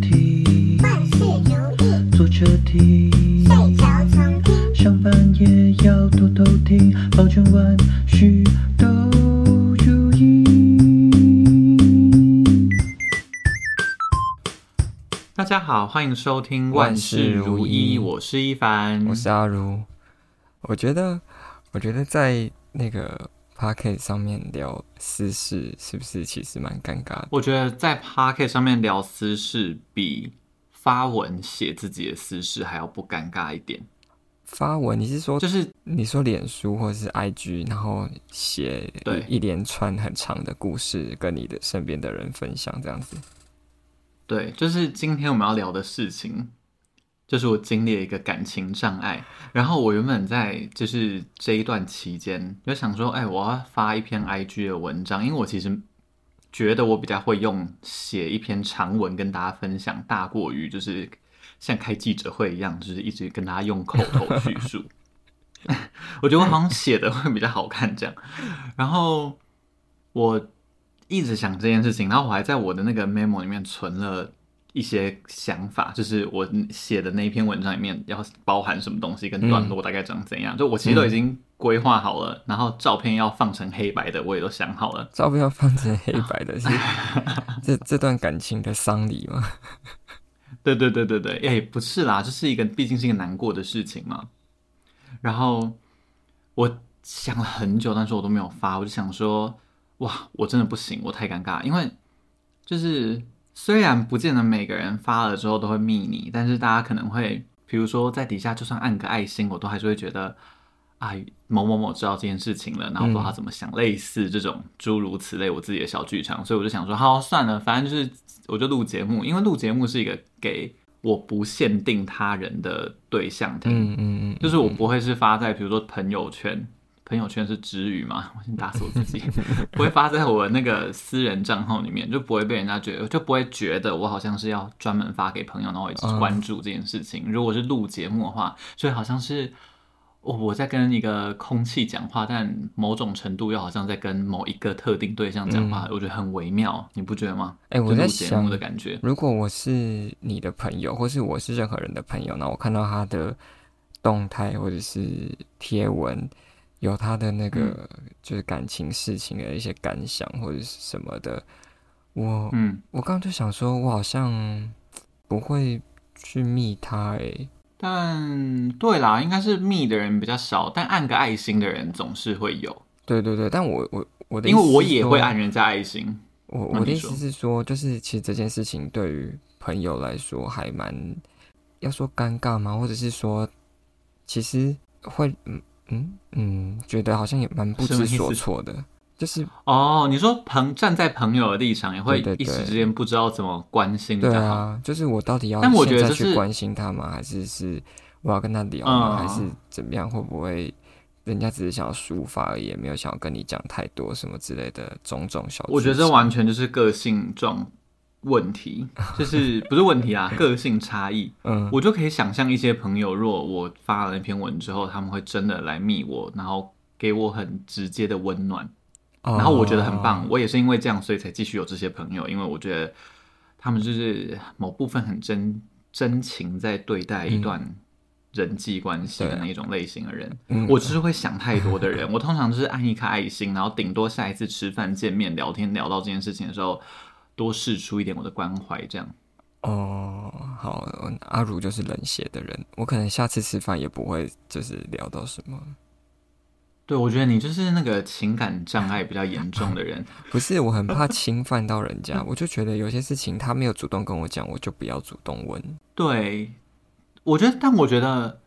聽，萬事如意。坐車聽，塞車從聽。上班也要偷偷聽，保證萬事都如意。大家好，歡迎收聽萬事如意，我是伊凡，我是阿儒。我覺得，我覺得在那個。Podcast 上面聊私事是不是其實蠻尷尬的？我覺得在 Podcast 上面聊私事比發文寫自己的私事還要不尷尬一點。發文你是說就是你說臉書或者是 IG，然後寫對一連串很長的故事跟你的身邊的人分享這樣子？對，就是今天我們要聊的事情。就是我經歷了一個感情障礙，然後我原本在就是這一段期間，就想說，哎，我要發一篇 IG 的文章，因為我其實覺得我比較會用寫一篇長文跟大家分享，大過於就是像開記者會一樣，就是一直跟大家用口頭敘述。 我覺得我好像寫的會比較好看這樣。然後我一直想這件事情，然後我還在我的那個 memo 裡面存了。一些想法，就是我寫的那一篇文章裡面要包含什麼東西，跟段落大概長怎樣？嗯、就我其實都已經規劃好了，嗯，然後照片要放成黑白的，我也都想好了。照片要放成黑白的是 這，這這段感情的喪禮嗎？ 對對對對對，哎，欸，不是啦，這是一個畢竟是一個難過的事情嘛。然後我想了很久，但是我都沒有發，我就想說，哇，我真的不行，我太尷尬，因為就是。雖然不見得每個人發了之後都會密你，但是大家可能會，比如說在底下就算按個愛心，我都還是會覺得，哎、啊，某某某知道這件事情了，然後說他怎麼想，類似這種諸如此類我自己的小劇場、嗯，所以我就想說，好，算了，反正就是我就錄節目，因為錄節目是一個給我不限定他人的對象聽，嗯，嗯嗯嗯，就是我不會是發在比如說朋友圈。朋友圈是止語嗎？我先打死我自己， 不會發在我那個私人賬號裡面，就不會被人家覺得，就不會覺得我好像是要專門發給朋友，然後我一直關注這件事情。嗯、如果是錄節目的話，所以好像是我我在跟一個空氣講話，但某種程度又好像在跟某一個特定對象講話，嗯，我覺得很微妙，你不覺得嗎？誒、欸，我錄節目的感覺。如果我是你的朋友，或是我是任何人的朋友，那我看到他的動態或者是貼文。有他的那個、嗯、就是感情事情的一些感想或者是什麼的，我嗯，我剛剛就想說，我好像不會去密他哎、欸，但對啦，應該是密的人比較少，但按個愛心的人總是會有，對對對，但我我我的意思是因為我也會按人家愛心，我我的意思是說、嗯，就是其實這件事情對於朋友來說還蠻要說尷尬嗎？或者是說，其實會嗯。嗯嗯，覺得好像也蠻不知所措的，是就是哦，你說朋站在朋友的立場，也會一時之間不知道怎麼關心對對對。對啊，就是我到底要現在去關心他嗎？還是是我要跟他聊嗎？嗯、還是怎麼樣？會不會人家只是想要抒發而已，也沒有想要跟你講太多什麼之類的種種小事？我覺得這完全就是個性狀。問題就是不是問題啊， 個性差異， 嗯，我就可以想象一些朋友，若我發了那篇文之後，他們會真的來密我，然後給我很直接的溫暖，然後我覺得很棒。哦，我也是因為這樣，所以才繼續有這些朋友，因為我覺得他們就是某部分很真真情在對待一段人際關係的那種類型的人。嗯嗯，我就是會想太多的人， 我通常就是按一顆愛心，然後頂多下一次吃飯、見面、聊天聊到這件事情的時候，多釋出一點我的關懷，這樣哦。Oh, 好，阿如就是冷血的人，我可能下次吃飯也不會，就是聊到什麼。對，我覺得你就是那個情感障礙比較嚴重的人。 不是，我很怕侵犯到人家， 我就覺得有些事情他沒有主動跟我講，我就不要主動問。對，我覺得，但我覺得，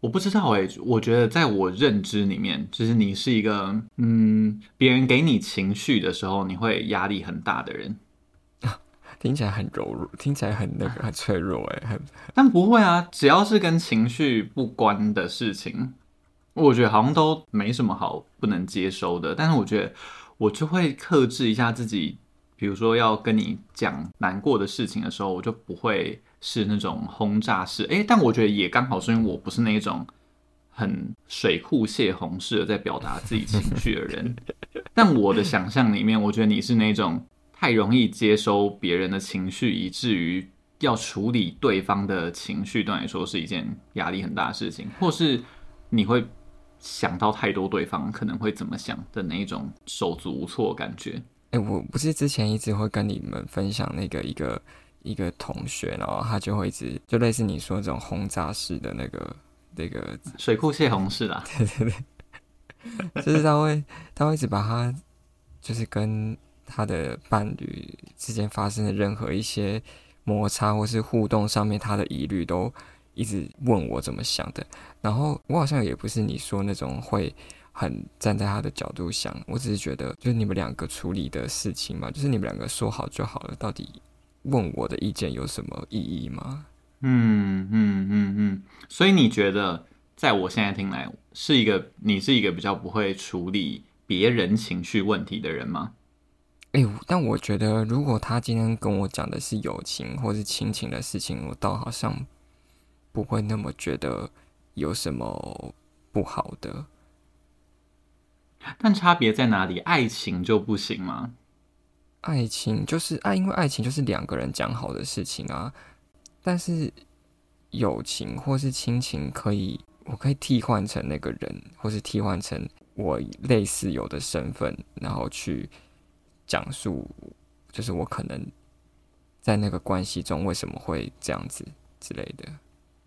我不知道誒，我覺得在我認知裡面，就是你是一個嗯，別人給你情緒的時候，你會壓力很大的人。聽起來很柔弱，聽起來很那個很脆弱哎，很但不會啊，只要是跟情緒不關的事情，我覺得好像都沒什麼好不能接收的。但是我覺得我就會克制一下自己，比如說要跟你講難過的事情的時候，我就不會是那種轟炸式哎、欸。但我覺得也剛好是因為我不是那種很水庫泄洪式的在表達自己情緒的人。 但我的想象裡面，我覺得你是那種。太容易接收別人的情緒，以至於要處理對方的情緒，對來說是一件壓力很大的事情，或是你會想到太多對方可能會怎麼想的那一種手足無措感覺。哎、欸，我不是之前一直會跟你們分享那個一個一個同學，然後他就會一直就類似你說這種轟炸式的那個那個水庫泄洪式啦。對對對，就是他會 他會一直把它就是跟。他的伴侶之間發生的任何一些摩擦，或是互動上面，他的疑慮都一直問我怎麼想的。然後我好像也不是你說那種會很站在他的角度想，我只是覺得，就是你們兩個處理的事情嘛，就是你們兩個說好就好了。到底問我的意見有什麼意義嗎？嗯嗯嗯嗯嗯。所以你覺得，在我現在聽來，是一個你是一個比較不會處理別人情緒問題的人嗎？哎、欸，但我覺得，如果他今天跟我講的是友情或是親情的事情，我倒好像不會那麼覺得有什麼不好的。但差別在哪裡？愛情就不行嗎？愛情就是愛、啊，因為愛情就是兩個人講好的事情啊。但是友情或是親情，可以我可以替換成那個人，或是替換成我類似有的身份，然後去。講述就是我可能在那個關係中為什麼會這樣子之類的，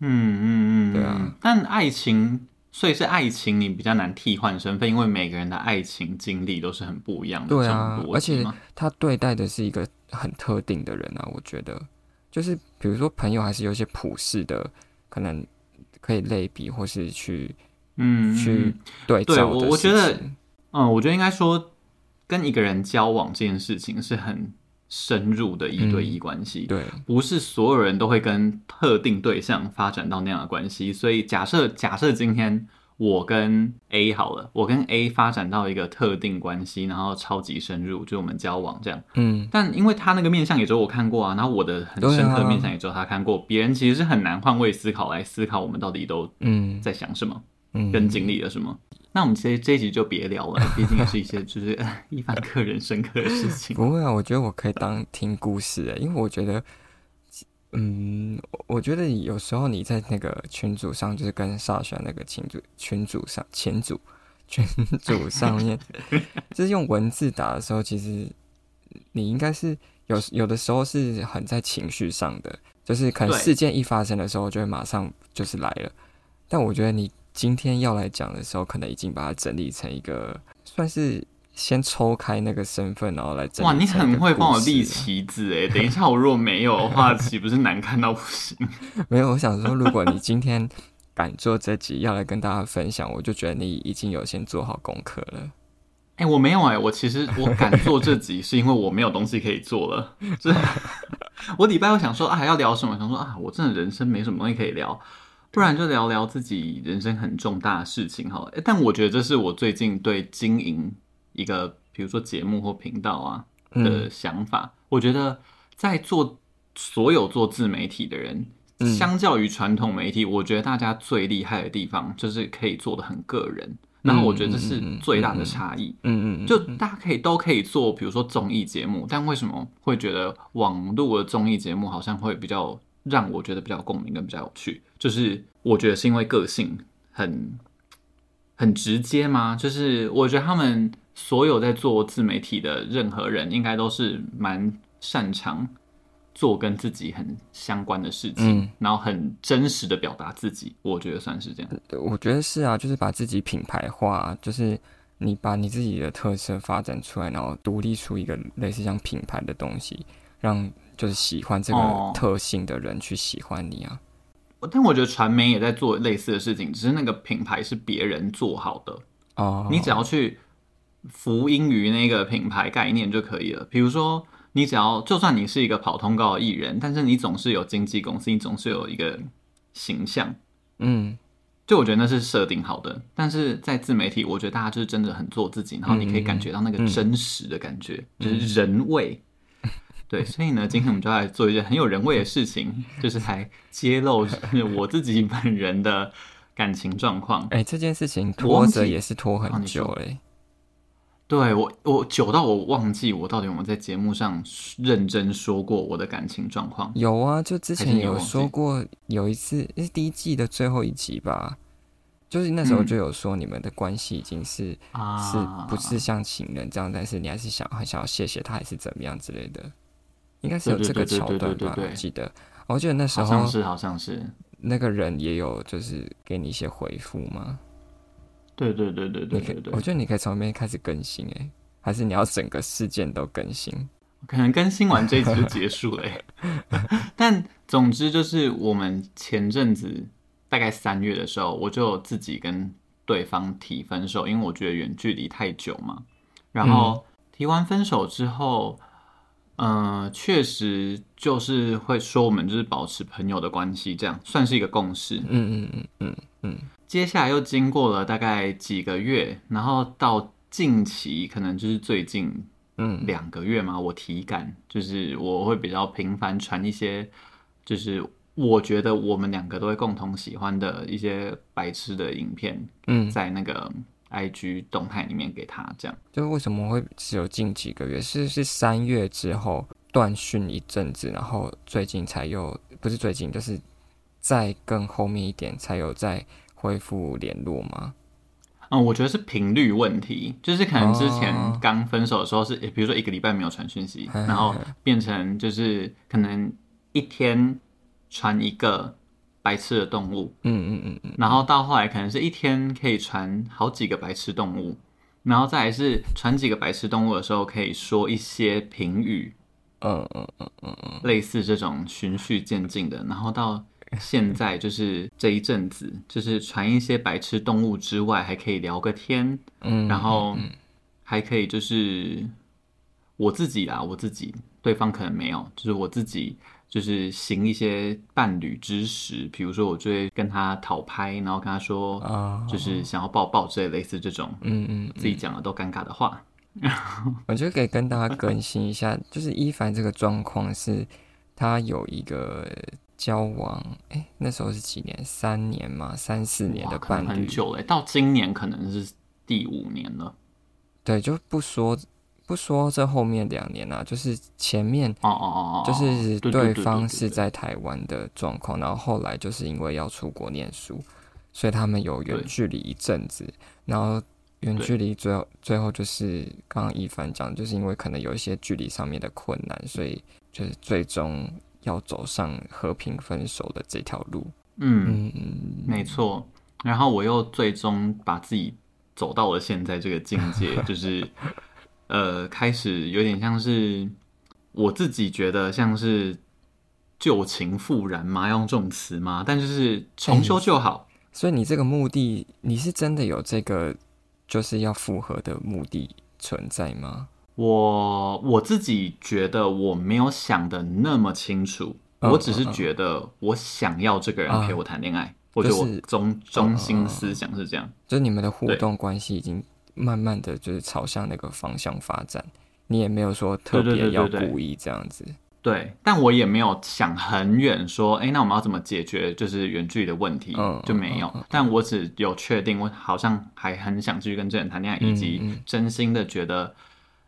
嗯、嗯嗯嗯，對啊。但愛情，所以是愛情，你比較難替換身份，因為每個人的愛情經歷都是很不一樣的。對啊，而且他對待的是一個很特定的人啊。我覺得，就是比如說朋友，還是有一些普世的，可能可以類比，或是去，嗯去，對對，我我覺得，嗯，我覺得應該說。跟一個人交往這件事情是很深入的一對一關係，嗯，對，不是所有人都會跟特定對象發展到那樣的關係。所以假設假設今天我跟 A 好了，我跟 A 發展到一個特定關係，然後超級深入，就我們交往這樣。嗯，但因為他那個面相也只有我看過啊，然後我的很深刻的面相也只有他看過，啊，別人其實是很難換位思考來思考我們到底都嗯在想什麼，嗯，跟經歷了什麼。嗯嗯那我們其實這一集就別聊了，畢竟是一些就是 一番客人深刻的事情。不會啊，我覺得我可以當聽故事的。欸，因為我覺得，嗯，我覺得有時候你在那個群組上，就是跟少宣那個群組群組上前組群組上面， 就是用文字打的時候，其實你應該是有有的時候是很在情緒上的，就是可能事件一發生的時候，就會馬上就是來了。但我覺得你。今天要來講的時候，可能已經把它整理成一個，算是先抽開那個身份，然後來整理。哇，你很會幫我立旗子誒！等一下，我如果沒有的話，豈不是難看到不行？沒有，我想說，如果你今天敢做這集要來跟大家分享，我就覺得你已經有先做好功課了。誒，我沒有誒、欸，我其實我敢做這集，是因為我沒有東西可以做了。我禮拜我想說啊，要聊什麼？想說啊，我真的人生沒什麼東西可以聊。不然就聊聊自己人生很重大的事情好了。誒，但我覺得這是我最近對經營一個，比如說節目或頻道啊的想法。我覺得在做所有做自媒體的人，相較於傳統媒體，我覺得大家最厲害的地方就是可以做得很個人。然後我覺得這是最大的差異。嗯嗯嗯。就大家可以都可以做，比如說綜藝節目，但為什麼會覺得網絡的綜藝節目好像會比較讓我覺得比較共鳴跟比較有趣？就是我覺得是因為個性很很直接嗎？就是我覺得他們所有在做自媒體的任何人，應該都是蠻擅長做跟自己很相關的事情，嗯，然後很真實的表達自己。我覺得算是這樣。我覺得是啊，就是把自己品牌化，就是你把你自己的特色發展出來，然後獨立出一個類似像品牌的東西，讓就是喜歡這個特性的人去喜歡你啊。哦但我覺得傳媒也在做類似的事情，只是那個品牌是別人做好的哦，oh. 你只要去符應於那個品牌概念就可以了。比如說，你只要就算你是一個跑通告的藝人，但是你總是有經紀公司，你總是有一個形象，嗯、mm.，就我覺得那是設定好的。但是在自媒體，我覺得大家就是真的很做自己，然後你可以感覺到那個真實的感覺，mm. 就是人味。對，所以呢，今天我們就要來做一件很有人味的事情， 就是來揭露我自己本人的感情狀況。哎、欸，這件事情拖着也是拖很久哎、欸啊。對我，我久到我忘記我到底有沒有在節目上認真說過我的感情狀況。有啊，就之前有說過有一次是第一季的最後一集吧，就是那時候就有說，你們的關係已經是、嗯、是不是像情人這樣，啊、但是你還是想、啊、想要謝謝他還是怎麼樣之類的。應該是有這個橋段吧？對對對對對對對對，我記得，我記得那時候好像是，好像是那個人也有就是給你一些回復嗎？對對對對對對，我覺得你可以從那邊開始更新哎、欸，還是你要整個事件都更新？可能更新完這一集就結束了哎、欸。 但總之就是，我們前陣子大概三月的時候，我就自己跟對方提分手，因為我覺得遠距離太久嘛。然後、嗯、提完分手之後。嗯、呃，確實就是會說我們就是保持朋友的關係，這樣算是一個共識。嗯嗯嗯嗯嗯。接下來又經過了大概幾個月，然後到近期可能就是最近嗯，兩個月嘛、嗯，我體感就是我會比較頻繁傳一些，就是我覺得我們兩個都會共同喜歡的一些白痴的影片，嗯，在那個。IG 動態裡面給他這樣，就是為什麼會只有近幾個月？是是三月之後斷訊一陣子，然後最近才，又不是最近，就是再更後面一點才有再恢復聯絡嗎？嗯，我覺得是頻率問題，就是可能之前剛分手的時候是，哦欸、比如說一個禮拜沒有傳訊息， 然後變成就是可能一天傳一個。白痴的動物，嗯嗯嗯嗯，然後到後來可能是一天可以傳好幾個白痴動物，然後再還是傳幾個白痴動物的時候，可以說一些評語，嗯，嗯，嗯，嗯，類似這種循序漸進的，然後到現在就是這一陣子，就是傳一些白痴動物之外，還可以聊個天，嗯嗯嗯，然後還可以就是我自己啦，我自己，對方可能沒有，就是我自己。就是行一些伴侶之實，比如說我就會跟他討拍，然後跟他說，就是想要抱抱之類類似這種，嗯嗯，嗯，自己講了都尷尬的話。我覺得可以跟大家更新一下， 就是伊凡這個狀況是，他有一個交往，哎，那時候是幾年？三年嘛，三四年的伴侶，很久了，到今年可能是第五年了。對，就不說。不說這後面兩年啊，就是前面哦哦哦，就是對方是在台灣的狀況，然後後來就是因為要出國念書，所以他們有遠距離一陣子，然後遠距離最後最後就是剛剛伊凡講，就是因為可能有一些距離上面的困難，所以就是最終要走上和平分手的這條路。嗯，嗯，沒錯。然後我又最終把自己走到了現在這個境界， 就是。呃，開始有點像是我自己覺得像是舊情復燃嗎？要用這種詞嗎？但就是重修舊好，欸。所以你這個目的，你是真的有這個就是要復合的目的存在嗎？我我自己覺得我沒有想得那麼清楚，嗯，我只是覺得我想要這個人陪我談戀愛，嗯就是。我覺得我中中心思想是這樣，嗯，就是你們的互動關係已經。慢慢的就是朝向那個方向發展，你也沒有說特別要故意這樣子，對對對對對對。對，但我也沒有想很遠，說、欸、哎，那我們要怎麼解決就是遠距離的問題、Oh, 就沒有。Okay. 但我只有確定，我好像還很想繼續跟這人談戀愛，以、嗯、及真心的覺得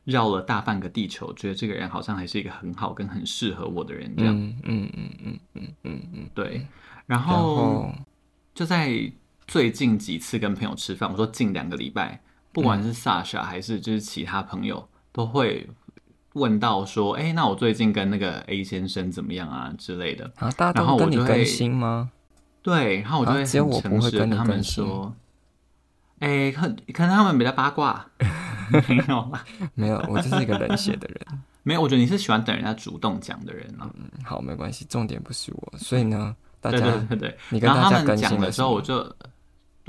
繞了大半個地球、嗯，覺得這個人好像還是一個很好跟很適合我的人這樣。嗯嗯嗯嗯嗯嗯嗯，對。嗯、然後，然後就在最近幾次跟朋友吃飯，我說近兩個禮拜。不管是 Sasha 還是就是其他朋友，嗯、都會問到說：“哎、欸，那我最近跟那個 A 先生怎麼樣啊之類的？”啊，大家都跟你更新嗎、啊？對，然後我就會誠實、啊、我不會跟他們說：“哎、欸，很可，可能他們比較八卦， 沒有，沒有，我就是一個冷血的人。 沒有，我覺得你是喜歡等人家主動講的人啊。嗯”好，沒關係，重點不是我，所以呢，大家對，對對對，你跟然後他們講的時候，我就。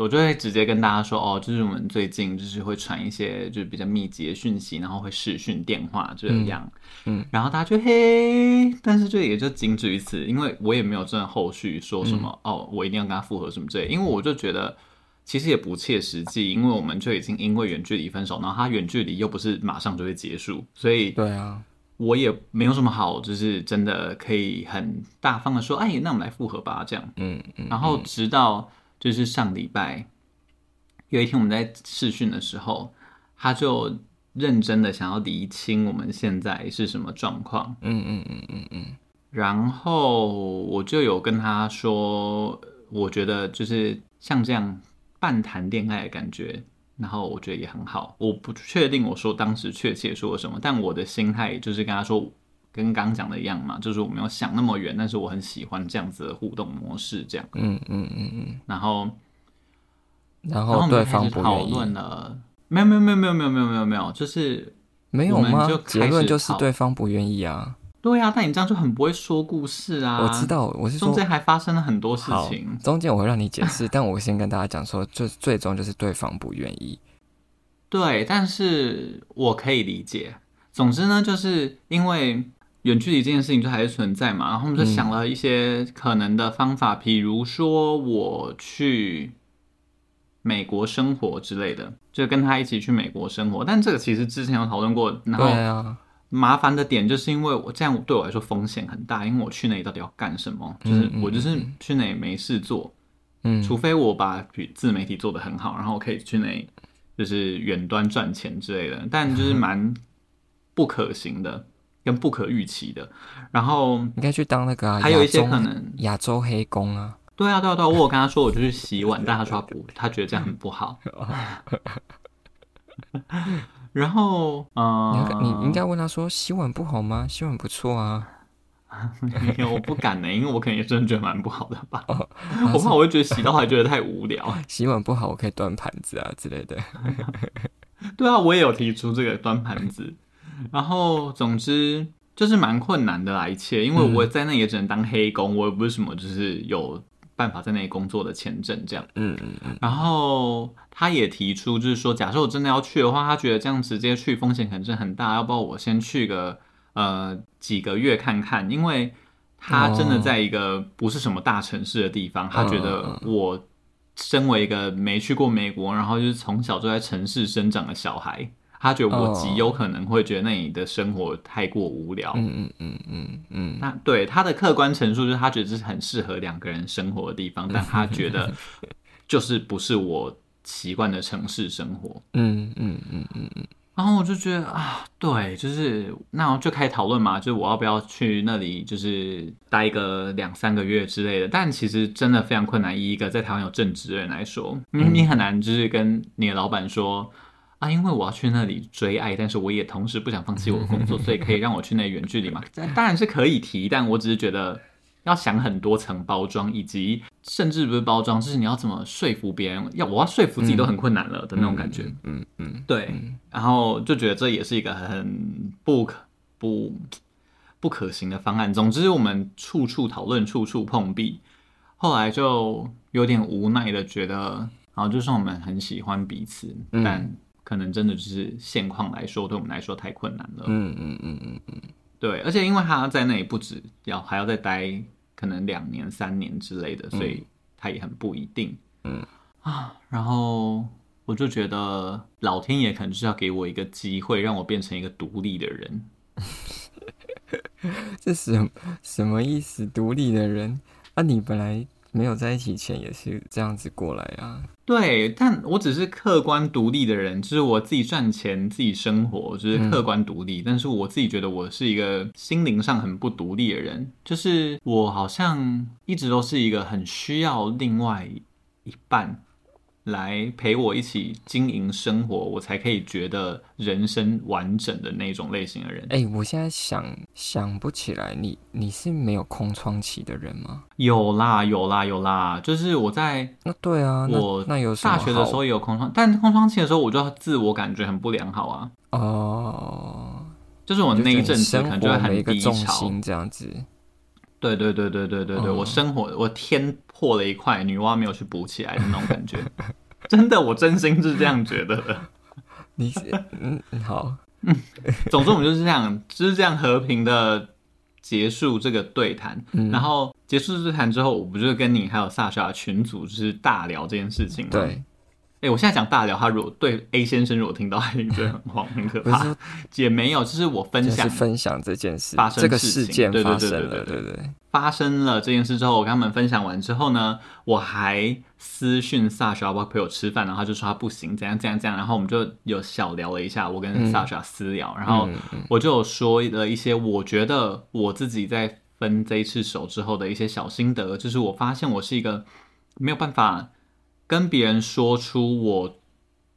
我就會直接跟大家說，哦，就是我們最近就是會傳一些就是比較密集的訊息，然後會視訊電話這樣。嗯，嗯，然後大家就嘿，但是這也就僅止於此，因為我也沒有真的後續說什麼，嗯、哦，我一定要跟他復合什麼之類，因為我就覺得其實也不切實際，因為我們就已經因為遠距離分手，然後他遠距離又不是馬上就會結束，所以對啊，我也沒有什麼好就是真的可以很大方的說，哎，那我們來復合吧這樣，嗯嗯，然後直到。就是上禮拜有一天我們在視訊的時候，他就認真的想要釐清我們現在是什麼狀況。嗯嗯嗯嗯嗯。然後我就有跟他說，我覺得就是像這樣半談戀愛的感覺，然後我覺得也很好。我不確定我說當時確切說了什麼，但我的心態就是跟他說。跟剛剛講的一樣嘛，就是我沒有想那麼遠，但是我很喜歡這樣子的互動模式，這樣。嗯嗯嗯嗯。然後，然後對方，後討論對方不願意了。沒有沒有沒有沒有沒有沒有沒有，就是沒有嗎？結論就是對方不願意啊。對啊，但你這樣就很不會說故事啊。我知道，我是說中間還發生了很多事情，中間我會讓你解釋， 但我先跟大家講說，最最終就是對方不願意。對，但是我可以理解。總之呢，就是因為。遠距離這件事情就還是存在嘛，然後我們就想了一些可能的方法，嗯，比如說我去美國生活之類的，就跟他一起去美國生活。但這個其實之前有討論過，然後麻煩的點就是因為我這樣，對我來說風險很大，因為我去那裡到底要幹什麼，嗯，就是我就是去那裡沒事做，嗯，除非我把自媒體做得很好，然後可以去那裡就是遠端賺錢之類的，但就是蠻不可行的。跟不可預期的，然後應該去當那個、啊，還有一些可能亞洲，亞洲黑工啊。對啊，對啊，對啊。我跟他說我就是洗碗， 但他說他不，他覺得這樣很不好。 然後，嗯、呃，你應該問他說洗碗不好嗎？洗碗不錯啊。沒有，我不敢呢，因為我可能也是真的覺得蠻不好的吧。 我怕我會覺得洗的話，覺得太無聊。 洗碗不好，我可以端盤子啊之類的。 對啊，我也有提出這個端盤子。 然後，總之就是蠻困難的啦，一切，因為我在那也只能當黑工，嗯、我也不是什麼就是有辦法在那裡工作的簽證這樣。嗯嗯嗯。然後他也提出，就是說，假設我真的要去的話，他覺得這樣直接去風險可能是很大，要不然我先去個呃幾個月看看，因為他真的在一個不是什麼大城市的地方，他覺得我身為一個沒去過美國，然後就是從小就在城市生長的小孩。他覺得我極有可能會覺得那裡的生活太過無聊。嗯嗯嗯嗯嗯。那對他的客觀陳述就是他覺得這是很適合兩個人生活的地方，嗯，但他覺得就是不是我習慣的城市生活。嗯嗯嗯嗯，然後我就覺得啊，對，就是那我就開始討論嘛，就是我要不要去那裡，就是待個兩三個月之類的。但其實真的非常困難，以一個在台灣有正職的人來說，你、嗯、你很難，就是跟你的老闆說。啊，因為我要去那裡追愛，但是我也同時不想放棄我的工作，所以可以讓我去那遠距離嗎？ 當然是可以提，但我只是覺得要想很多層包裝，以及甚至不是包裝，就是你要怎麼說服別人，要我要說服自己都很困難了的那種感覺。嗯嗯，嗯，嗯，對。然後就覺得這也是一個很不可不不可行的方案。總之，我們處處討論，處處碰壁。後來就有點無奈的覺得，然後就算我們很喜歡彼此，嗯、但。可能真的就是現況來說，對我們來說太困難了。嗯嗯嗯嗯嗯，對，而且因為他在那裡不止要還要再待可能兩年三年之類的，所以他也很不一定。嗯啊，然後我就覺得老天爺可能就是要給我一個機會，讓我變成一個獨立 的人。這什什麼意思？獨立的人啊，你本來。沒有在一起前也是這樣子過來啊。對，但我只是客觀獨立的人，就是我自己賺錢、自己生活，就是客觀獨立，嗯。但是我自己覺得我是一個心靈上很不獨立的人，就是我好像一直都是一個很需要另外一半。來陪我一起經營生活，我才可以覺得人生完整的那種類型的人。哎，我現在想想不起來，你你是沒有空窗期的人嗎？有啦，有啦，有啦，就是我在那對啊，我那有大學的時候也有空窗，但空窗期的時候，我就自我感覺很不良好啊。哦，就是我那一陣子可能就會很低潮，這樣子。對對對對對對對，對、嗯，我生活我天。破了一塊，女媧沒有去補起來的那種感覺， 真的，我真心是這樣覺得的。 你解嗯好， 嗯，總之我們就是這樣，就是這樣和平的結束這個對談，嗯，然後結束對談之後，我不就是跟你還有 Sasha 群組就是大聊這件事情嗎？對。哎、欸，我現在講大聊，他如果對 A 先生如果聽到，A 覺得很慌，很可怕。也沒有，就是我分享分享這件事，發生這個事情，對對對對對對，發生了這件事之後，我跟他們分享完之後呢，我還私訊薩莎，要不要陪我吃飯？然後他就說他不行，怎樣怎樣怎樣。然後我們就有小聊了一下，我跟薩莎私聊、嗯，然後我就有說了一些我覺得我自己在分這一次手之後的一些小心得，就是我發現我是一個沒有辦法。跟別人說出我，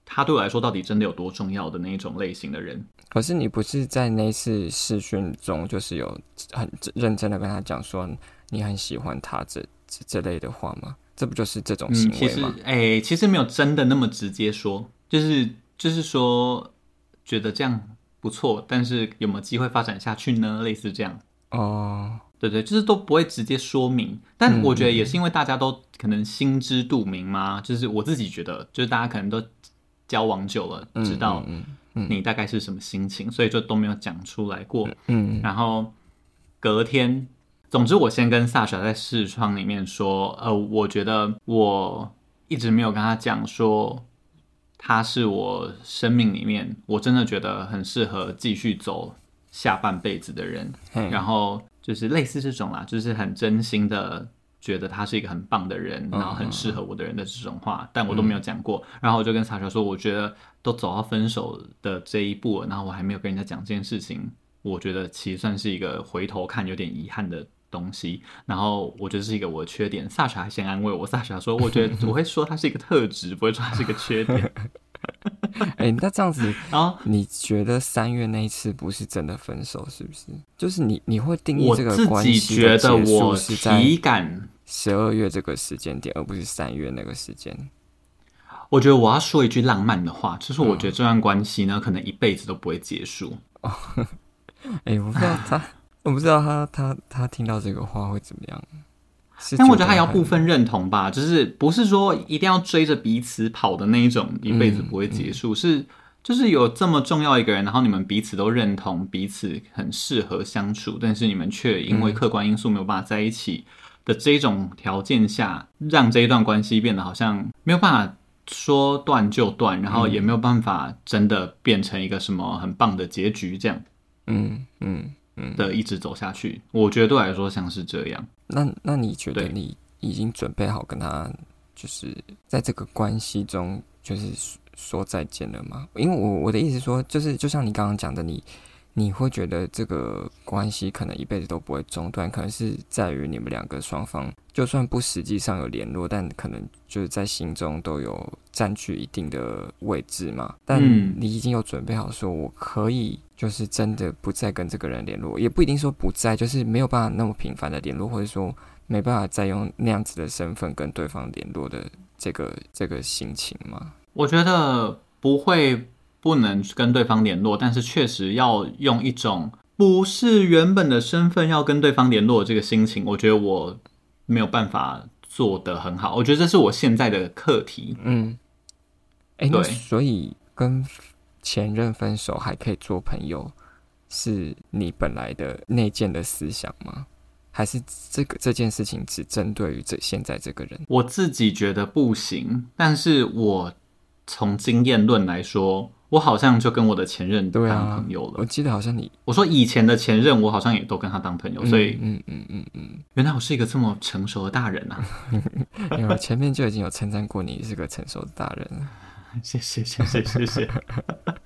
他對我來說到底真的有多重要的那一種類型的人。可是你不是在那次視訊中，就是有很認真的跟他講說你很喜歡他這這類的話嗎？這不就是這種行為嗎？嗯，其實，欸，其實沒有真的那麼直接說，就是就是說覺得這樣不錯，但是有沒有機會發展下去呢？類似這樣哦。對對，就是都不會直接說明，但我覺得也是因為大家都可能心知肚明嘛。嗯、就是我自己覺得，就是大家可能都交往久了，嗯、知道你大概是什麼心情、嗯，所以就都沒有講出來過。嗯嗯、然後隔天，總之我先跟 Sasha 在視窗裡面說，呃，我覺得我一直沒有跟他講說，他是我生命裡面我真的覺得很適合繼續走下半輩子的人，然後。就是類似這種啦，就是很真心的覺得他是一個很棒的人，uh -huh. 然後很適合我的人的這種話，但我都沒有講過，嗯。然後我就跟薩莎說，我覺得都走到分手的這一步了，然後我還沒有跟人家講這件事情，我覺得其實算是一個回頭看有點遺憾的東西。然後我覺得這是一個我的缺點。薩莎還先安慰我，薩莎說，我覺得我會說他是一個特質， 不會說他是一個缺點。 哎、 欸，那這樣子啊，oh, 你覺得三月那一次不是真的分手，是不是？就是你你會定義這個關係結束覺得我是在十二月這個時間點，我我而不是三月那個時間。我覺得我要說一句浪漫的話，就是我覺得這段關係呢，可能一輩子都不會結束。哎、oh. 欸，我不知道他， 我不知道他，他，他聽到這個話會怎麼樣。但我覺得他也要部分認同吧，就是不是說一定要追着彼此跑的那一種，一輩子不會結束。嗯嗯、是，就是有這麼重要一個人，然後你們彼此都認同，彼此很適合相處，但是你們卻因為客觀因素沒有辦法在一起的這種條件下、嗯，讓這一段關係變得好像沒有辦法說斷就斷，然後也沒有辦法真的變成一個什麼很棒的結局這樣。嗯嗯。嗯，的一直走下去，嗯，我覺得對我來說像是這樣。那那你覺得你已經準備好跟他，就是在這個關係中，就是說再見了嗎？因為我我的意思說，就是就像你剛剛講的，你。你會覺得這個關係可能一輩子都不會中斷，可能是在於你們兩個雙方，就算不實際上有聯絡，但可能就是在心中都有占據一定的位置嘛。但你已經有準備好說，說我可以就是真的不再跟這個人聯絡，也不一定說不再，就是沒有辦法那麼頻繁的聯絡，或者說沒辦法再用那樣子的身份跟對方聯絡的這個這個心情嗎？我覺得不會。不能跟對方聯絡，但是確實要用一種不是原本的身份要跟對方聯絡的這個心情，我覺得我沒有辦法做得很好。我覺得這是我現在的課題。嗯，誒對。誒，所以跟前任分手還可以做朋友，是你本來的內建的思想嗎？還是這個這件事情只針對於這現在這個人？我自己覺得不行，但是我從經驗論來說。我好像就跟我的前任都當朋友了。我記得好像你我說以前的前任，我好像也都跟他當朋友，所以嗯嗯嗯嗯，原來我是一個這麼成熟的大人啊！因為我前面就已經有稱讚過你是個成熟的大人，謝謝謝謝謝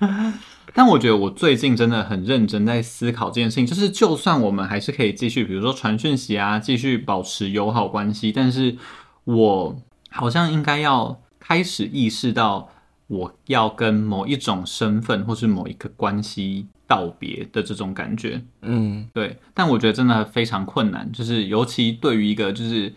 謝。但我覺得我最近真的很認真在思考這件事情，就是就算我們還是可以繼續，比如說傳訊息啊，繼續保持友好關係，但是我好像應該要開始意識到。我要跟某一種身份或是某一個關係道別的這種感覺，嗯，對。但我覺得真的非常困難，就是尤其對於一個就是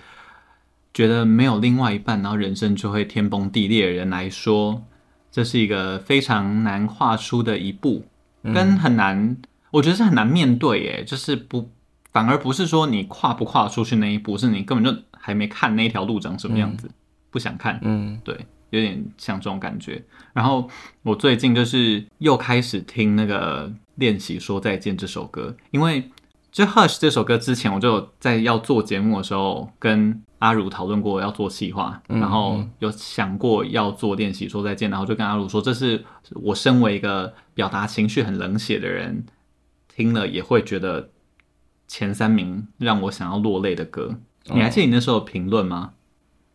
覺得沒有另外一半，然後人生就會天崩地裂的人來說，這是一個非常難跨出的一步，嗯，跟很難，我覺得是很難面對。哎，就是不，反而不是說你跨不跨出去那一步，是你根本就還沒看那條路長什麼樣子，嗯，不想看。嗯，對。有點像這種感覺。然後我最近就是又開始聽那個練習說再見這首歌，因為就 Hush 這首歌之前，我就有在要做節目的時候跟阿如討論過要做企劃、嗯嗯，然後有想過要做練習說再見，然後就跟阿如說，這是我身為一個表達情緒很冷血的人，聽了也會覺得前三名讓我想要落淚的歌。你還記得你那時候評論嗎？哦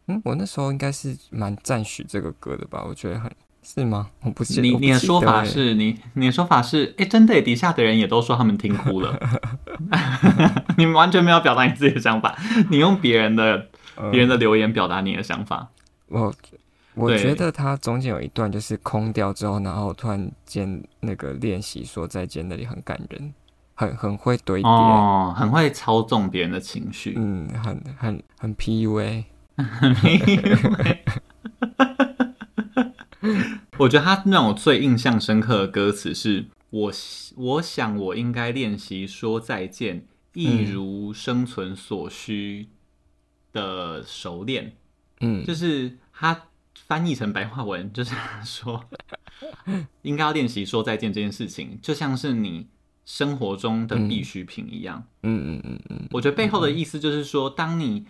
嗯，我那時候應該是蠻讚許這個歌的吧？我覺得很，是嗎？我不信，你不信，你的說法是你，你的說法是，誒、欸，真的，底下的人也都說他們聽哭了。 你完全沒有表達你自己的想法，你用別人的、嗯、別人的留言表達你的想法。我我覺得它中間有一段就是空掉之後，然後突然間那個練習說再見那裡很感人，很很會堆疊，哦，很會操縱別人的情緒，嗯，很很很 P U A。 我覺得他讓我最印象深刻的歌詞是我“我我想我應該練習說再見，嗯，一如生存所需的熟練。”嗯，就是他翻譯成白話文，就是說應該要練習說再見這件事情，就像是你生活中的必需品一樣。嗯嗯嗯嗯，我覺得背後的意思就是說，嗯嗯當你。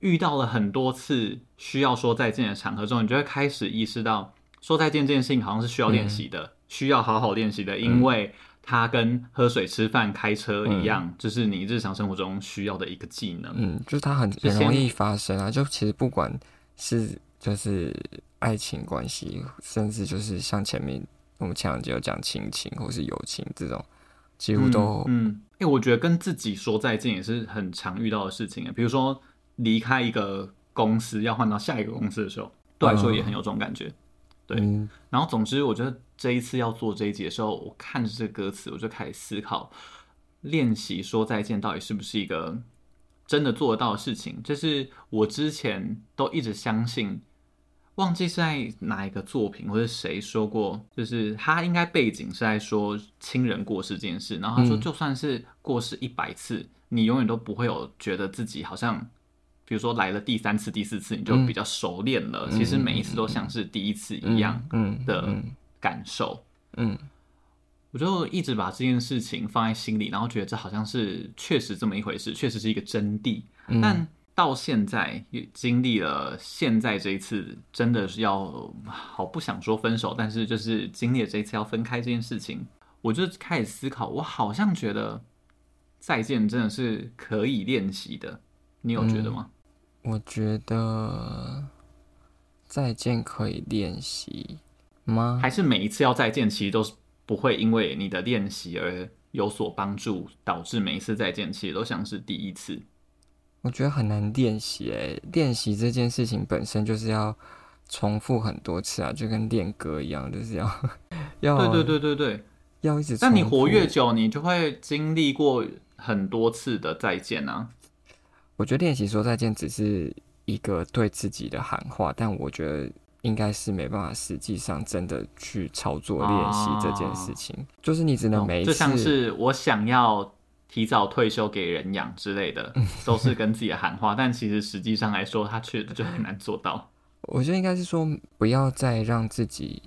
遇到了很多次需要說再見的場合中，你就會開始意識到，說再見這件事情好像是需要練習的、嗯，需要好好練習的、嗯，因為它跟喝水、吃飯、開車一樣、嗯，就是你日常生活中需要的一個技能。嗯，就是它很很容易發生啊。就其實不管是就是愛情關係，甚至就是像前面我們前兩集有講親情或是友情這種，幾乎都嗯，嗯、欸，我覺得跟自己說再見也是很常遇到的事情啊，比如說。離開一個公司，要換到下一個公司的時候，對來說也很有這種感覺，oh. 對。Mm. 然後，總之，我覺得這一次要做這一集的時候，我看着這個歌詞，我就開始思考，練習說再見到底是不是一個真的做得到的事情？這，就是我之前都一直相信，忘記是在哪一個作品或者誰說過，就是他應該背景是在說親人過世這件事。然後他說，就算是過世一百次，mm. 你永遠都不會有覺得自己好像。比如說來了第三次、第四次，你就比較熟練了。其實每一次都像是第一次一樣的感受。嗯，我就一直把這件事情放在心裡，然後覺得這好像是確實這麼一回事，確實是一個真諦。但到現在經歷了現在這一次，真的是要好不想說分手，但是就是經歷了這一次要分開這件事情，我就開始思考，我好像覺得再見真的是可以練習的。你有覺得嗎？我覺得再見可以練習嗎？還是每一次要再見，其實都是不會因為你的練習而有所幫助，導致每一次再見其實都像是第一次。我覺得很難練習誒、欸，練習這件事情本身就是要重複很多次啊，就跟練歌一樣，就是要要對對對對對，要一直。但你活越久，你就會經歷過很多次的再見啊。我覺得練習說再見只是一個對自己的喊話，但我覺得應該是沒辦法，實際上真的去操作練習這件事情，oh. 就是你只能每一次、oh.，就像是我想要提早退休給人養之類的，都是跟自己的喊話， 但其實實際上來說，他確實就很難做到。我覺得應該是說，不要再讓自己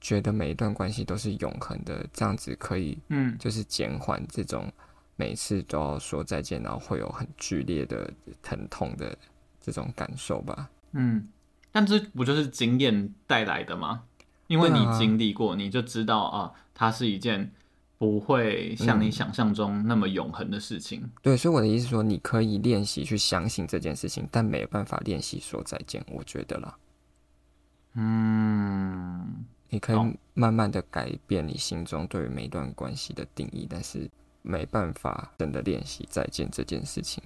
覺得每一段關係都是永恆的，這樣子可以，嗯，就是減緩這種。每次都要說再見，然後會有很劇烈的疼痛的這種感受吧？嗯，但這不就是經驗帶來的嗎？因為你經歷過、啊，你就知道啊、呃，它是一件不會像你想象中那麼永恆的事情、嗯。對，所以我的意思是說，你可以練習去相信這件事情，但沒有辦法練習說再見，我覺得啦。嗯，你可以慢慢的改變你心中對於每段關係的定義，但是，沒辦法真的練習再見這件事情，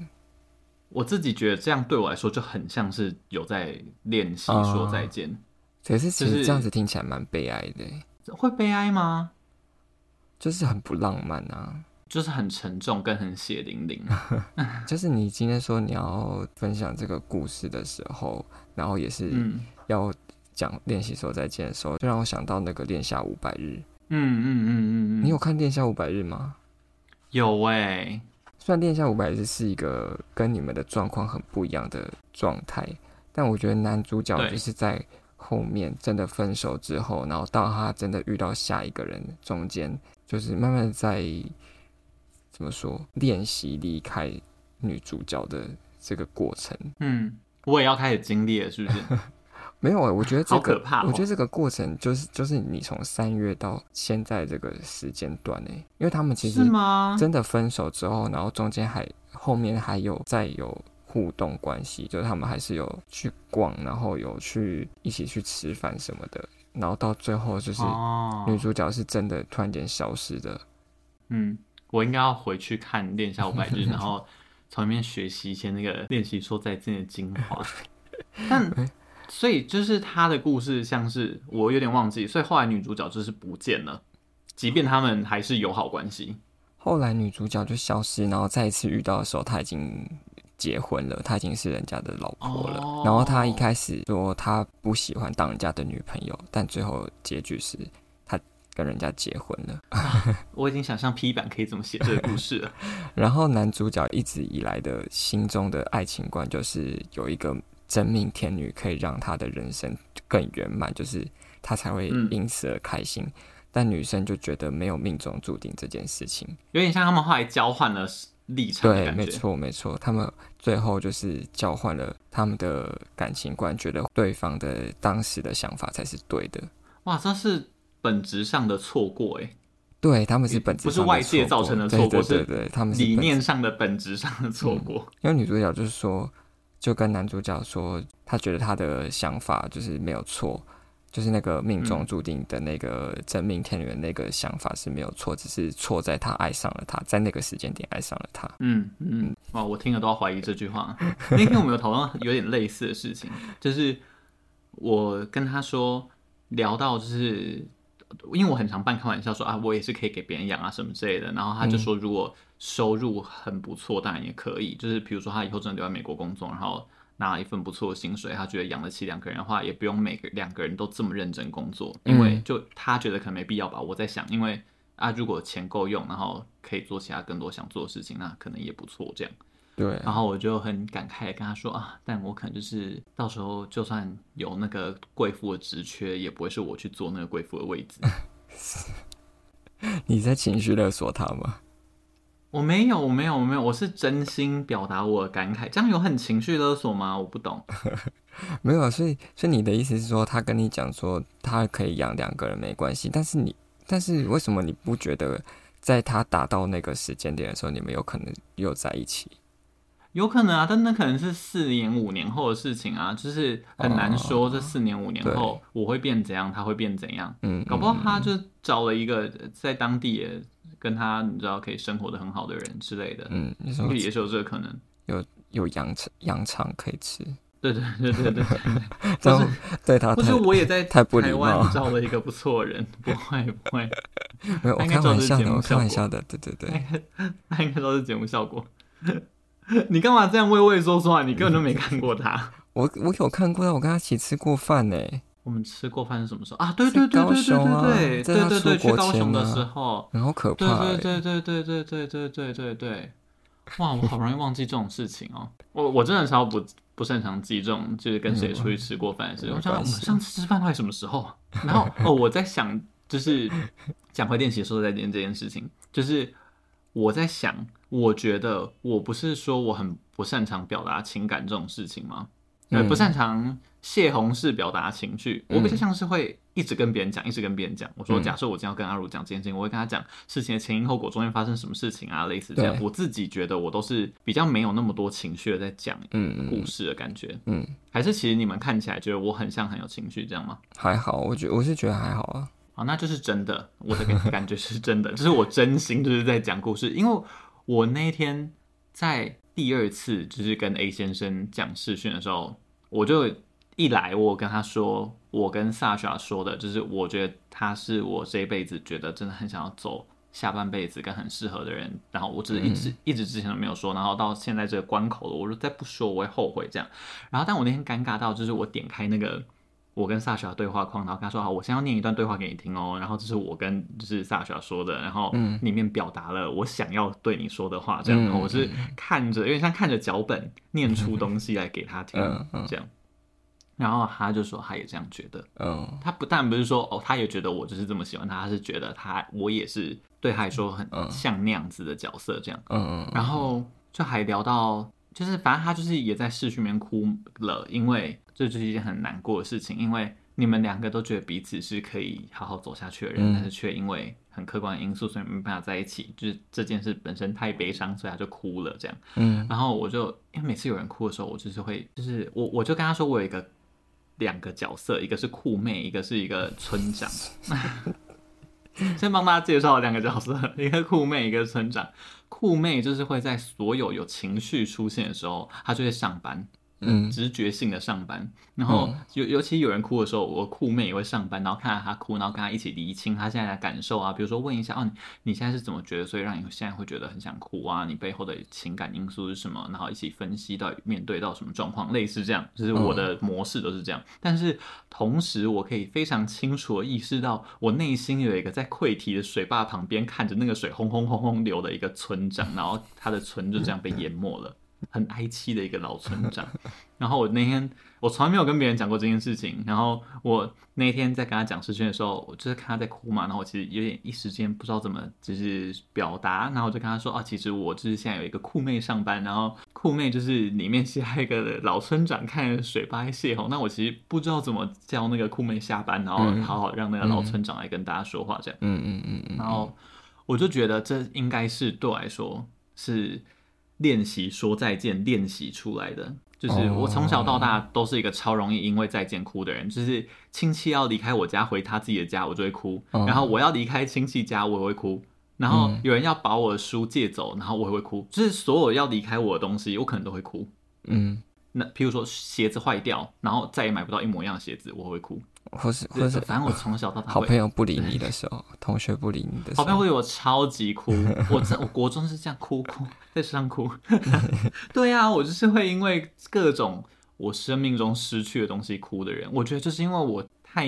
我自己覺得這樣對我來說就很像是有在練習說再見、呃，可是其實這樣子聽起來蠻悲哀的、就是，會悲哀嗎？就是很不浪漫啊，就是很沉重，跟很血淋淋。 就是你今天說你要分享這個故事的時候，然後也是要講練習說再見的時候、嗯，就讓我想到那個《戀夏五百日》，嗯。嗯嗯嗯嗯嗯，你有看《戀夏五百日》嗎？有誒、欸，雖然《戀夏500日》是一個跟你們的狀況很不一樣的狀態，但我覺得男主角就是在後面真的分手之後，然後到他真的遇到下一個人中間，就是慢慢在怎麼說練習離開女主角的這個過程。嗯，我也要開始經歷了，是不是？ 沒有啊、欸，我覺得這個可怕、哦，我覺得這個過程就是就是你從三月到現在這個時間段內、欸，因為他們其實真的分手之後，然後中間還後面還有再有互動關係，就是他們還是有去逛，然後有去一起去吃飯什麼的，然後到最後就是女主角是真的突然間消失的、哦。嗯，我應該要回去看練一下五百句， 然後從裡面學習一些那個練習說再見的精華， 所以就是他的故事像是我有點忘記，所以後來女主角就是不見了，即便他們還是友好關係。後來女主角就消失，然後再一次遇到的時候，她已經結婚了，她已經是人家的老婆了。Oh. 然後她一開始說她不喜歡當人家的女朋友，但最後結局是她跟人家結婚了。 我已經想象 P 版可以怎麼寫這個故事了。 然後男主角一直以來的心中的愛情觀就是有一個。真命天女可以讓她的人生更圓滿，就是她才會因此而開心、嗯。但女生就覺得沒有命中注定這件事情，有點像他們後來交換了立場。對，沒錯，沒錯，他們最後就是交換了他們的感情觀，覺得對方的當時的想法才是對的。哇，這是本質上的錯過誒。對，他們是本質，不是外界造成的錯過，對對對對是對他們理念上的本質上的錯過對對對、嗯。因為女主角就是說。就跟男主角說，他覺得他的想法就是沒有錯，就是那個命中注定的那個真命天女的那個想法是沒有錯，只是錯在他愛上了她，在那個時間點愛上了她。嗯嗯，哇，我聽了都要懷疑這句話。那 天我們有討論有點類似的事情，就是我跟他說聊到就是。因為我很常半開玩笑說啊，我也是可以給別人養啊什麼之類的。然後他就說，如果收入很不錯，當然也可以。就是比如說他以後真的留在美國工作，然後拿一份不錯的薪水，他覺得養得起兩個人的話，也不用每個兩個人都這麼認真工作，因為就他覺得可能沒必要吧。我在想，因為啊，如果錢夠用，然後可以做其他更多想做的事情，那可能也不錯這樣。對，然後我就很感慨的跟他說啊，但我可能就是到時候就算有那個貴婦的職缺，也不會是我去坐那個貴婦的位置。 你在情緒勒索他嗎？我沒有，我沒有，我沒有，我是真心表達我的感慨。這樣有很情緒勒索嗎？我不懂。 沒有啊，所以所以你的意思是說，他跟你講說他可以養兩個人沒關係，但是你，但是為什麼你不覺得在他達到那個時間點的時候，你們有可能又在一起？有可能啊，但那可能是四年五年後的事情啊，就是很難說這四年五年後我會變怎樣，他、嗯、會變怎樣嗯。嗯，搞不好他就找了一個在當地也跟他你知道可以生活得很好的人之類的。嗯，所以也是有這個可能。有有羊腸，羊腸可以吃。對對對對對。但、 就是對他，不是我也在台灣找了一個不錯的人， 不會不會， 沒有，我看 是節目效果。開玩，玩笑的。對對對，那 應該都是節目效果。 你幹嘛這樣畏畏縮縮啊？你根本就沒看過他。 我我有看過啊，我跟他一起吃過飯呢。 我們吃過飯是什麼時候啊？對對對對對對對對對對，去高雄的時候。好可怕！對對對對對對對對對對。哇，我好容易忘記這種事情哦。我我真的超不不擅長記這種，就是跟誰出去吃過飯的事情、嗯。我想上次吃飯會什麼時候？然後哦，我在想，就是講回練習說再見這件這件事情，就是我在想。我覺得我不是說我很不擅長表達情感這種事情嗎？嗯、不擅長泄洪式表達情緒、嗯。我比較像是會一直跟別人講、嗯，一直跟別人講。我說，假設我今天要跟阿如講這件事情，嗯、我會跟他講事情的前因後果，中間發生什麼事情啊，類似這樣。我自己覺得我都是比較沒有那麼多情緒的在講故事的感覺嗯。嗯，還是其實你們看起來覺得我很像很有情緒這樣嗎？還好，我覺我是覺得還好啊。啊，那這是真的，我的感覺是真的，這 是我真心就是在講故事，因為。我那天在第二次就是跟 A 先生講視訊的時候，我就一來我跟他說，我跟薩沙說的，就是我覺得他是我這一輩子覺得真的很想要走下半輩子跟很適合的人，然後我只是一直、嗯、一直之前都沒有說，然後到現在這個關口了，我說再不說我會後悔這樣，然後但我那天尷尬到就是我點開那個。我跟薩沙的對話框，然後跟他說：“好，我先要念一段對話給你聽哦。”然後這是我跟就是薩沙說的，然後裡面表達了我想要對你說的話，這樣。嗯、然後我是看着，有點像看着腳本念出東西來給他聽，這樣、嗯嗯。然後他就說他也這樣覺得，嗯，嗯他不但不是說哦，他也覺得我就是這麼喜歡他，他是覺得他我也是對他來說很像那樣子的角色這樣，嗯嗯，嗯，嗯。然後就還聊到，就是反正他就是也在視訊裡面哭了，因為。這就就是一件很難過的事情，因為你們兩個都覺得彼此是可以好好走下去的人，嗯、但是卻因為很客觀的因素，所以沒辦法在一起。就是這件事本身太悲傷，所以他就哭了這樣。嗯，然後我就因為每次有人哭的時候，我就是會，就是我我就跟他說，我有一個兩個角色，一個是酷妹，一個是一個村長。 先幫大家介紹兩個角色：一個酷妹，一個村長。酷妹就是會在所有有情緒出現的時候，她就會上班。嗯，直覺性的上班，然後尤尤其有人哭的時候，我酷妹也會上班，然後看到他哭，然後跟他一起釐清他現在的感受啊，比如說問一下，哦、啊，你現在是怎麼覺得？所以讓你現在會覺得很想哭啊？你背後的情感因素是什麼？然後一起分析到面對到什麼狀況，類似這樣，就是我的模式都是這樣。但是同時，我可以非常清楚的意識到，我內心有一個在潰堤的水壩旁邊看着那個水轟轟轟轟流的一個村長，然後他的村就這樣被淹沒了。很哀慼的一個老村長， 然後我那天，我從來沒有跟別人講過這件事情，然後我那天在跟他講事情的時候，我就是看他在哭嘛，然後我其實有點一時間不知道怎麼就是表達，然後我就跟他說啊，其實我就是現在有一個酷妹上班，然後酷妹就是裡面是一個老村長看水壩洩洪。那我其實不知道怎麼叫那個酷妹下班，然後好好讓那個老村長來跟大家說話這樣，嗯嗯嗯，嗯，嗯，然後我就覺得這應該是對我來說是。練習說再見，練習出來的。就是我從小到大都是一個超容易因為再見哭的人。Oh. 就是親戚要離開我家回他自己的家，我就會哭；oh. 然後我要離開親戚家，我也會哭；然後有人要把我的書借走，然後我也會哭。就是所有要離開我的東西，我可能都會哭。嗯，oh. 那譬如說鞋子壞掉，然後再也買不到一模一樣的鞋子，我會哭。或是或是，反正我從小到大，好朋友不理你的時候，同學不理你的時候，好朋友不理我，超級哭。 我在我國中是這樣哭哭，在車上哭。 對呀、啊，我就是會因為各種我生命中失去的東西哭的人。我覺得就是因為我太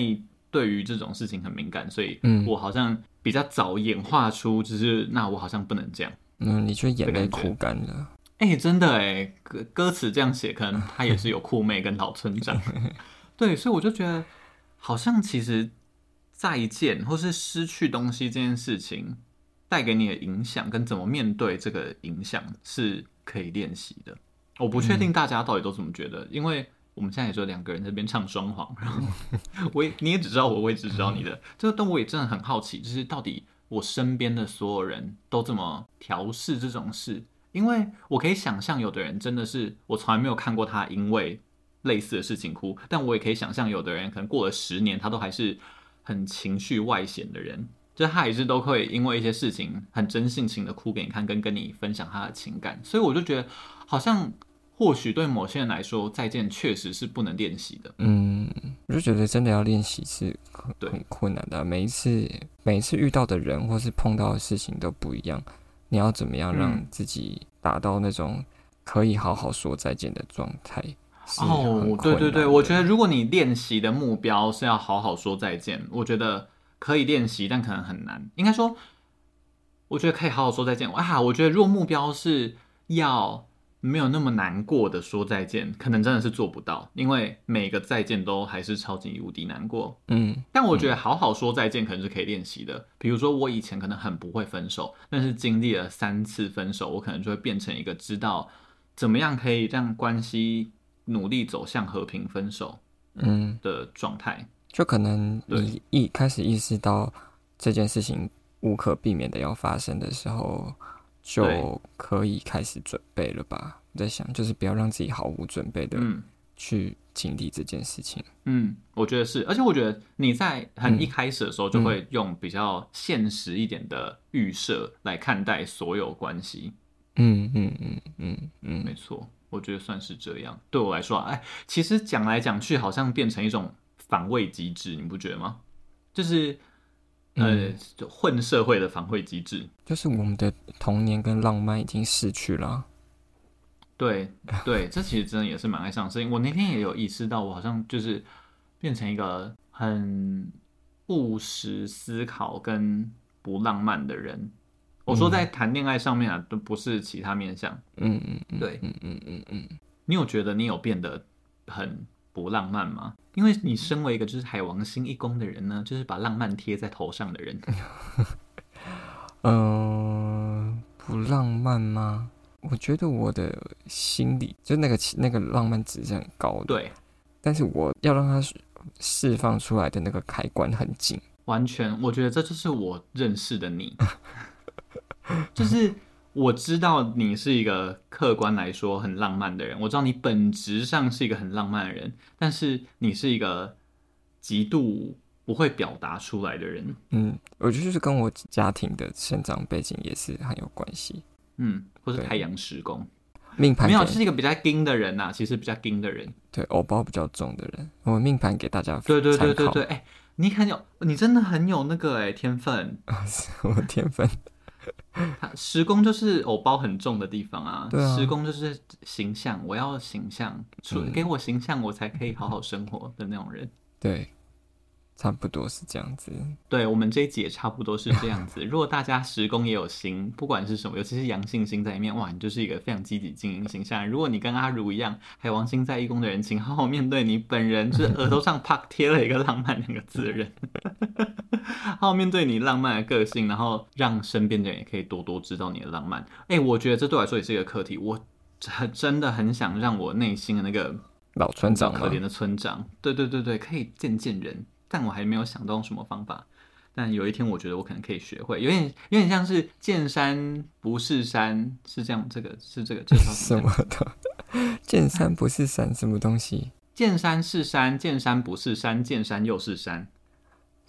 對於這種事情很敏感，所以我好像比較早演化出，就是、嗯、那我好像不能這樣。嗯，你卻眼淚哭乾了。哎、欸，真的哎、欸，歌歌詞這樣寫，可能他也是有酷妹跟老村長。 對，所以我就覺得。好像其實再見或是失去東西這件事情帶給你的影響，跟怎麼面對這個影響是可以練習的。嗯。我不確定大家到底都怎麼覺得，因為我們現在也只有兩個人在這邊唱雙簧，然後我， 我也你也只知道我，我也只知道你的。這個動物，也真的很好奇，就是到底我身邊的所有人都怎麼調適這種事，因為我可以想象有的人真的是我從來沒有看過他，因為。類似的事情哭，但我也可以想象，有的人可能過了十年，他都還是很情緒外顯的人，就他也是都會因為一些事情很真性情的哭給你看，跟跟你分享他的情感。所以我就覺得，好像或許對某些人來說，再見確實是不能練習的。嗯，我就覺得真的要練習是很很困難的啊。每一次，每一次遇到的人或是碰到的事情都不一樣，你要怎麼樣讓自己達到那種可以好好說再見的狀態？哦，oh, 對對對，我覺得如果你練習的目標是要好好說再見，我覺得可以練習，但可能很難。應該說，我覺得可以好好說再見。哇、啊，我覺得如果目標是要沒有那麼難過的說再見，可能真的是做不到、嗯，因為每個再見都還是超級無敵難過。嗯，但我覺得好好說再見可能是可以練習的。嗯、比如說，我以前可能很不會分手，但是經歷了三次分手，我可能就會變成一個知道怎麼樣可以讓關係。努力走向和平分手，嗯的狀態，就可能你一開始意識到這件事情無可避免的要發生的時候，就可以開始準備了吧？在想，就是不要讓自己毫無準備的去經歷這件事情。嗯，我覺得是，而且我覺得你在很一開始的時候就會用比較現實一點的預設來看待所有關係。嗯嗯嗯嗯嗯，嗯，嗯，沒錯。我覺得算是這樣，對我來說，哎、欸，其實講來講去，好像變成一種防衛機制，你不覺得嗎？就是，呃，嗯、混社會的防衛機制，就是我們的童年跟浪漫已經逝去了。對對，這其實真的也是蠻哀傷的。 我那天也有意識到，我好像就是變成一個很務實、思考跟不浪漫的人。我說在談戀愛上面啊，都不是其他面向。嗯嗯，對，嗯嗯嗯嗯，嗯，你有覺得你有變得很不浪漫嗎？因為你身為一個就是海王星一宮的人呢，就是把浪漫貼在頭上的人。嗯、 呃，不浪漫嗎？我覺得我的心裡就那個那個浪漫值是很高的。對。但是我要讓它釋放出來的那個開關很緊。完全，我覺得這就是我認識的你。 就是我知道你是一個客觀來說很浪漫的人，我知道你本質上是一個很浪漫的人，但是你是一個極度不會表達出來的人。嗯，我覺得就是跟我家庭的生長背景也是很有關係。嗯，或是太陽時宮命盤沒有，就是一個比較硬的人吶、啊，其實比較硬的人，對，偶包比較重的人。我命盤給大家對對對對對，哎、欸，你很有，你真的很有那個哎、欸、天分 我天分。 他十宮就是偶包很重的地方啊，對啊，十宮就是形象，我要形象，出、嗯、給我形象，我才可以好好生活的那種人，對，差不多是這樣子。對，我們這一集也差不多是這樣子。 如果大家十宮也有心，不管是什麼，尤其是陽性星在裡面，哇，你就是一個非常積極經營形象，如果你跟阿如一樣，還有王星在十宮的人，請好好面對你本人，就是額頭上啪貼了一個“浪漫”兩個字的人。 好面對你浪漫的個性，然後讓身邊的人也可以多多知道你的浪漫。哎，我覺得這對我來說也是一個課題。我真的很想讓我內心的那個老村長、嗯，可憐的村長，對對對對，可以見見人，但我還沒有想到什麼方法。但有一天，我覺得我可能可以學會，有點有點像是見山不是山，是這樣，這個是這個叫什麼的？ 見山不是山，什麼東西？見山是山，見山不是山，見山又是山。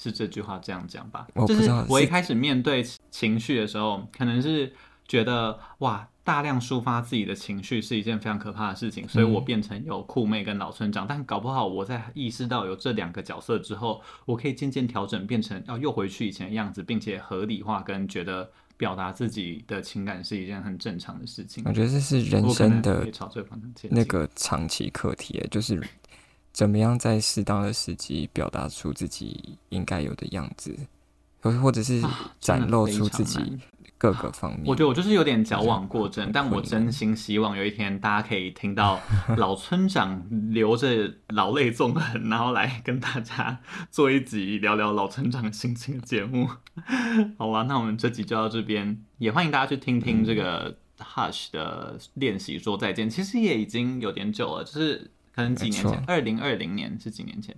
是這句話這樣講吧，就是我一開始面對情緒的時候，可能是覺得哇，大量抒發自己的情緒是一件非常可怕的事情，所以我變成有酷妹跟老村長。但搞不好我在意識到有這兩個角色之後，我可以漸漸調整，變成要又回去以前的樣子，並且合理化跟覺得表達自己的情感是一件很正常的事情。我覺得這是人生的那個長期課題，欸，就是。怎麼樣在適當的時機表達出自己應該有的樣子，或者是、啊、展露出自己各個方面？我覺得我就是有點矯枉過正，但我真心希望有一天大家可以聽到老村長流着老淚縱橫， 然後來跟大家做一集聊聊老村長心情的節目。 好吧，那我們這集就到這邊，也歡迎大家去聽聽這個 Hush 的練習說再見，嗯。其實也已經有點久了，就是。可能幾年前，二零二零年是幾年前，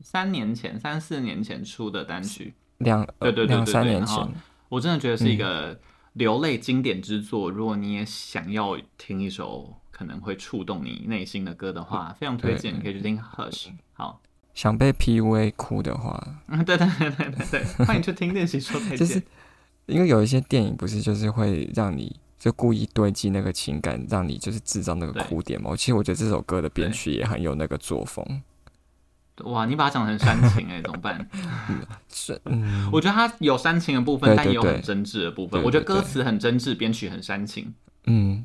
三年前，三四年前出的單曲，兩、呃、對，對對對對，三年前，我真的覺得是一個流淚經典之作，嗯。如果你也想要聽一首可能會觸動你內心的歌的話，非常推薦你可以去聽 hush, 對對對《Hush 好想被 PUA 哭的話， 嗯對對對對對，歡迎去聽練習說再見， 就是。因為有一些電影不是，就是會讓你。就故意堆積那個情感，讓你就是製造那個哭點嘛。其實我覺得這首歌的編曲也很有那個作風。哇，你把它講成煽情誒、欸， 怎麼辦？是，嗯，我覺得它有煽情的部分，對對對，但也有很真摯的部分對對對。我覺得歌詞很真摯，編曲很煽情。嗯，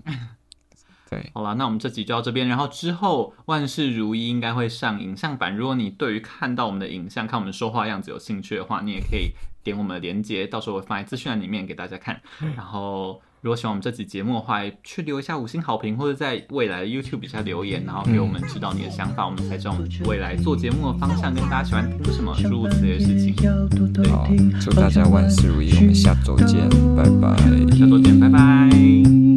對。 好了，那我們這集就到這邊。然後之後萬事如意應該會上影像版。如果你對於看到我們的影像、看我們說話樣子有興趣的話，你也可以點我們的鏈接，到時候會發在資訊欄裡面給大家看。然後。如果喜歡我們這期節目的話，去留一下五星好評，或者在未來的 YouTube 底下留言，然後給我們知道你的想法，嗯、我們才知道我們未來做節目的方向跟大家喜歡聽什麼諸如此類的事情，嗯。好，祝大家萬事如意，我們下週見，拜拜。下週見，拜拜。